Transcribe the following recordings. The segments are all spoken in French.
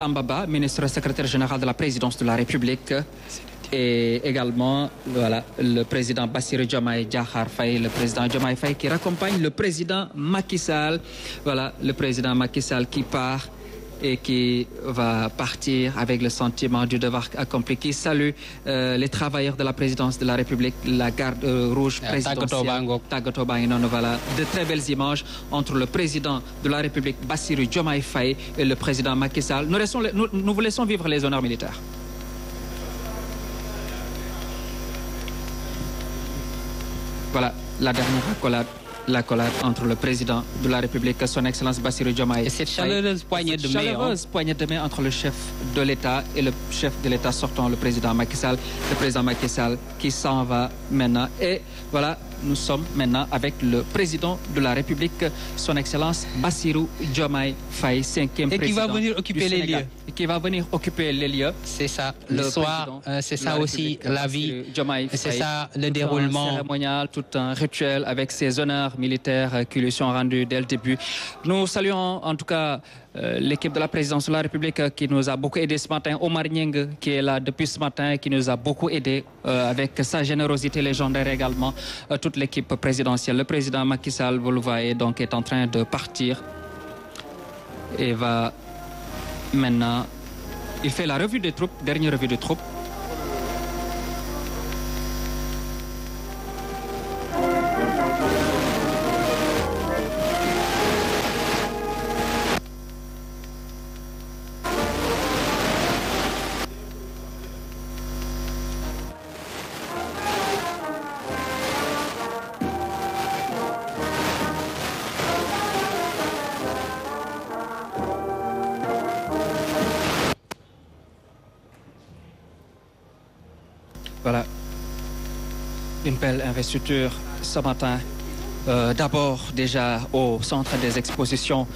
Ambaba, ministre secrétaire général de la présidence de la République, et également voilà, le président Bassir Diomaye Djahar Faye, le président Diomaye Faye qui raccompagne le président Macky Sall. Voilà, le président Macky Sall qui part et qui va partir avec le sentiment du devoir accompli, qui salue euh, les travailleurs de la présidence de la République, la garde euh, rouge présidentielle. Voilà. De très belles images entre le président de la République, Bassirou Diomaye Faye, et le président Macky Sall. Nous, vous laissons vivre les honneurs militaires. Voilà la dernière accolade la colère entre le président de la République, son Excellence Bassirou Diomaye. Et cette chaleureuse poignée de main. Hein. poignée de main entre le chef de l'État et le chef de l'État sortant, le président Macky Sall. Le président Macky Sall qui s'en va maintenant. Et voilà, nous sommes maintenant avec le président de la République, son Excellence Basiru Diomaye Faye, cinquième président. Et qui va venir occuper les lieux. Et qui va venir occuper les lieux. C'est ça, le, soir, euh, c'est ça aussi la vie. C'est ça le déroulement. un cérémonial, tout un rituel avec ses honneurs militaires qui lui sont rendus dès le début. Nous saluons en tout cas euh, l'équipe de la présidence de la République qui nous a beaucoup aidé ce matin, Omar Nying qui est là depuis ce matin et qui nous a beaucoup aidé euh, avec sa générosité légendaire également, euh, toute l'équipe présidentielle. Le président Macky Sall voyez, donc est en train de partir et va maintenant, il fait la revue des troupes, dernière revue des troupes. une belle investiture ce matin. Euh, d'abord déjà au centre des expositions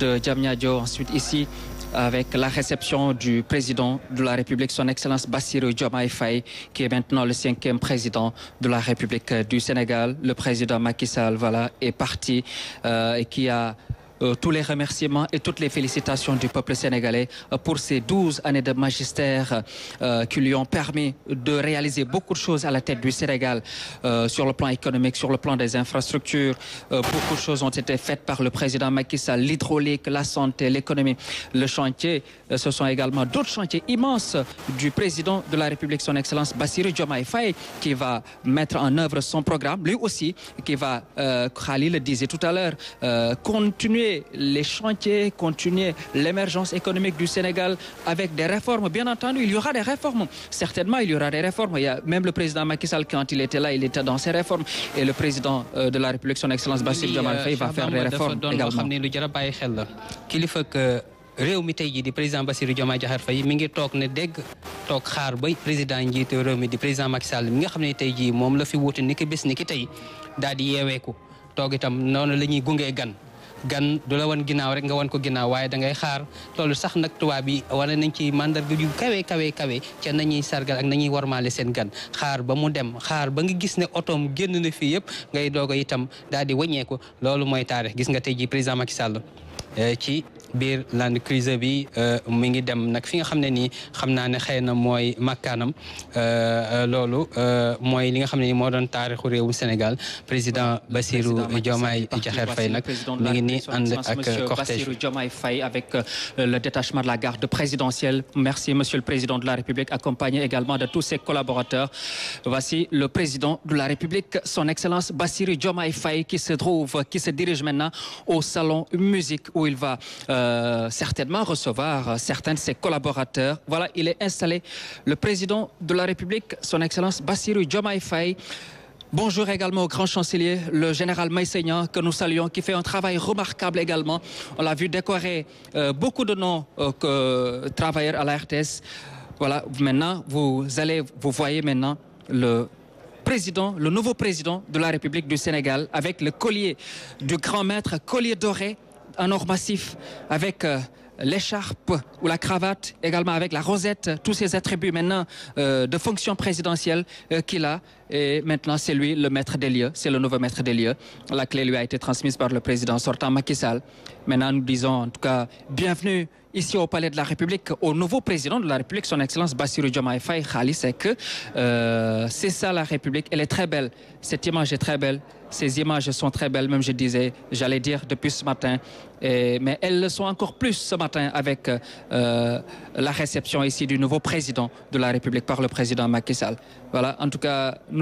de Diamniadio, ensuite ici avec la réception du président de la République, son Excellence Bassirou Diomaye Faye, qui est maintenant le cinquième président de la République du Sénégal. Le président Macky Sall est parti euh, et qui a euh, tous les remerciements et toutes les félicitations du peuple sénégalais euh, pour ces 12 années de magistère euh, qui lui ont permis de réaliser beaucoup de choses à la tête du Sénégal sur le plan économique, sur le plan des infrastructures. beaucoup de choses ont été faites par le président Macky l'hydraulique, la santé, l'économie, le chantier. ce sont également d'autres chantiers immenses du président de la République, son Excellence Bassirou Diomaye Faye, qui va mettre en œuvre son programme, lui aussi, qui va, Khalil le disait tout à l'heure, continuer les chantiers, continuer l'émergence économique du Sénégal avec des réformes. Bien entendu, il y aura des réformes. Certainement, il y aura des réformes. Il y a même le président Macky Sall, quand il était là, il était dans ses réformes. Et le président euh, de la République, son Excellence Bassir Diomaye Faye, va faire des réformes également. réew mi tey jii di président Bassirou Diomaye Diakhar Faye mi ngi toog ne dégg toog xaar ba président njiitu réew mi di président Macky Sall mi nga xam ne tey jii moom la fi wuute ni ki bés ni ki tey daal di yeeweeku toog itam noonu la ñuy gungee gan gan du la wan ginnaaw rek nga wan ko ginnaaw waaye da ngay xaar loolu sax nag tubaab yi wane nañ ci mandarga yu kawe kawe kawe ca nañuy sargal ak nañuy warmaale seen gan xaar ba mu dem xaar ba nga gis ne otoom génn na fii yëpp ngay doog a itam daal di wàññeeku loolu mooy taarix gis nga tey ji président Macky Sall eh, ci bir Land Cruiser bi euh, mu ngi dem nak fi nga xamné ni xamna né naa moy xëy na mooy euh, euh, li nga xamné ne nii moo doon Sénégal président Bassirou Diomaye Diakhar Faye nak mi ngi nii ak cortège Diomaye Faye avec le détachement de la garde présidentielle merci monsieur le président de la République accompagné également de tous ses collaborateurs voici le président de la République son excellence Bassirou Diomaye Faye qui se trouve qui se dirige maintenant au salon musique où il va euh, euh, certainement recevoir certains de ses collaborateurs. Voilà, il est installé le président de la République, son Excellence Bassirou Diomaye Faye. Bonjour également au grand chancelier, le général Maïseignan, que nous saluons, qui fait un travail remarquable également. On l'a vu décorer euh, beaucoup de noms euh, que travailleurs à la RTS. Voilà, maintenant, vous allez, vous voyez maintenant le président, le nouveau président de la République du Sénégal, avec le collier du grand maître, collier doré, un or massif avec euh, l'écharpe ou la cravate, également avec la rosette, tous ces attributs maintenant euh, de fonction présidentielle euh, qu'il a. Et maintenant, c'est lui le maître des lieux, c'est le nouveau maître des lieux. La clé lui a été transmise par le président sortant Macky Sall. Maintenant, nous disons en tout cas bienvenue ici au Palais de la République au nouveau président de la République, son Excellence Bassirou Diomaye Faye Khali, c'est que euh, c'est ça la République. Elle est très belle. Cette image est très belle. Ces images sont très belles, même je disais, j'allais dire depuis ce matin. mais elles le sont encore plus ce matin avec euh, la réception ici du nouveau président de la République par le président Macky Sall. Voilà, en tout cas,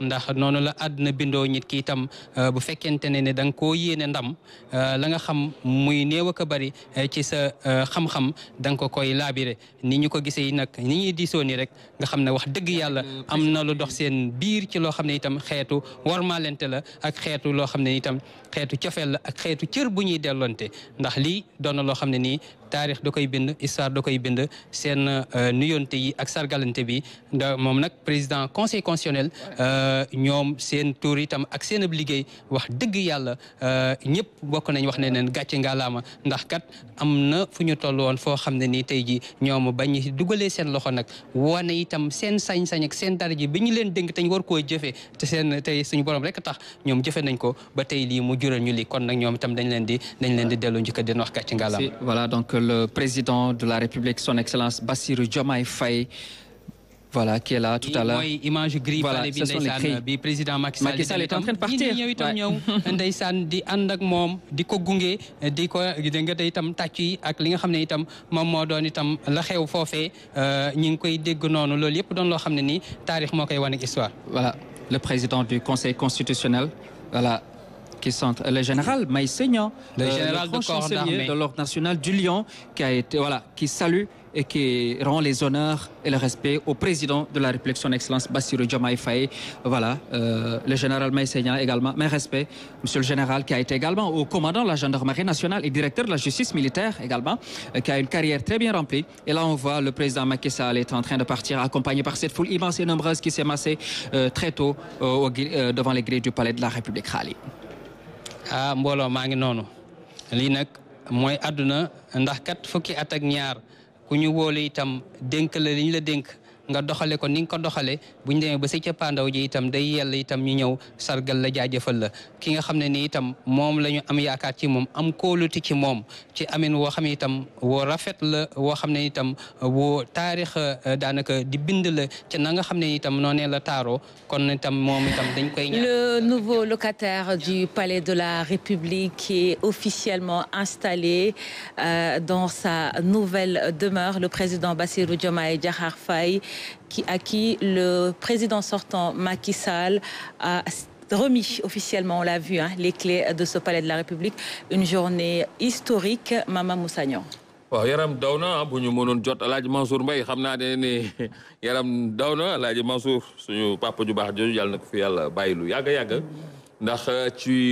ndax noonu la àdduna bindoo nit ki itam euh, bu fekkente ne ne da nga koo yéene ndam euh, la nga xam muy néew ak a bari euh, ci sa xam-xam da nga ko koy laabire ni ñu ko gisee nag ni ñuy diisoo ni rek nga xam ne wax dëgg yàlla am na lu dox seen biir ci loo xam ne itam xeetu warmaalente la ak xeetu loo xam ne itam xeetu cofeel la ak xeetu cër bu ñuy delloonte ndax lii doon na loo xam ne nii taarix da koy bind histoire da koy bind sen euh, nuyonté yi ak sargalanté bi da moom nag président conseil constitutionnel euh, ñom sen tour itam ak sen ab liggéey wax dëgg yàlla euh, ñepp bokk nañ wax ne neen gàcce ngalaama ndax kat amna fuñu fu ñu toll woon foo xam ji ñom bañ dugalee sen loxo nak wane itam sen sañ-sañ ak sen dara ji bi leen dénk tañ war ko jëfé té sen tay suñu borom rek tax ñom jëfé nañ ko ba tay li mu jural ñu li kon nak ñom itam dañ leen di dañ leen di delloo njëkk den wax gàcce ngalaama voilà donc le président de la République, son Excellence Bassirou Diomaye Faye, voilà, qui est là tout à l'heure. Oui, image gris voilà, ce sont les cris. bi président Macky Sall Macky Sall est en train de partir. ñi ñëw itam ñëw ndeysaan di ànd ak moom di ko gunge di ko da nga itam tàcc yi ak li nga xam ne itam moom moo doon itam la xew foofee euh, ñi ngi koy dégg noonu loolu yëpp doon loo xam ne nii taarix moo koy wane ak histoire. voilà le président du conseil constitutionnel voilà qui sont euh, le général Maïseignan, euh, le, général de, l'ordre national du Lyon, qui a été voilà, qui salue et qui rend les honneurs et le respect au président de la République, son Excellence Bassirou Diomaye Faye. Voilà, euh, le général Seignan également, mes respects, monsieur le général, qui a été également au commandant de la gendarmerie nationale et directeur de la justice militaire également, qui a une carrière très bien remplie. Et là, on voit le président Macky Sall est en train de partir, accompagné par cette foule immense et nombreuse qui s'est massée très tôt devant les grilles du palais de la République Rally. a ah, mbooloo maa ngi noonu lii nag mooy àdduna ndax kat fukki at ak ñaar ku ñu wóolu itam dénk la li ñu la dénk nga doxale ko ni nga ko doxale bu ñu demee ba si cappaandaw ji itam day yell itam ñu ñëw sargal la jaajëfal la ki nga xam ne ni itam moom la ñu am yaakaar ci moom am kóoluti ci moom ci amin woo xam ne itam wo rafet la woo xam ne itam wo taarix eh, daanaka di bind la ci na nga xam ne itam noonee la taaroo kon itam moom itam dañ koy ñaan le nouveau locataire du palais de la République qui est officiellement installé euh, dans sa nouvelle demeure le président Bassirou Diomaye Diakhar Faye qui, à qui le président sortant Macky Sall a remis officiellement, on l'a vu, hein, les clés de ce palais de la République. Une journée historique, Mama Moussagnon. Wa yaram dawna ah, buñu mënon jot alaaji Mansour Mbaye xamna naa ne ni yaram dawna na Mansour suñu papa ju bax jooju yalla nako fi yalla bayilu yaga yaga ndax euh, ci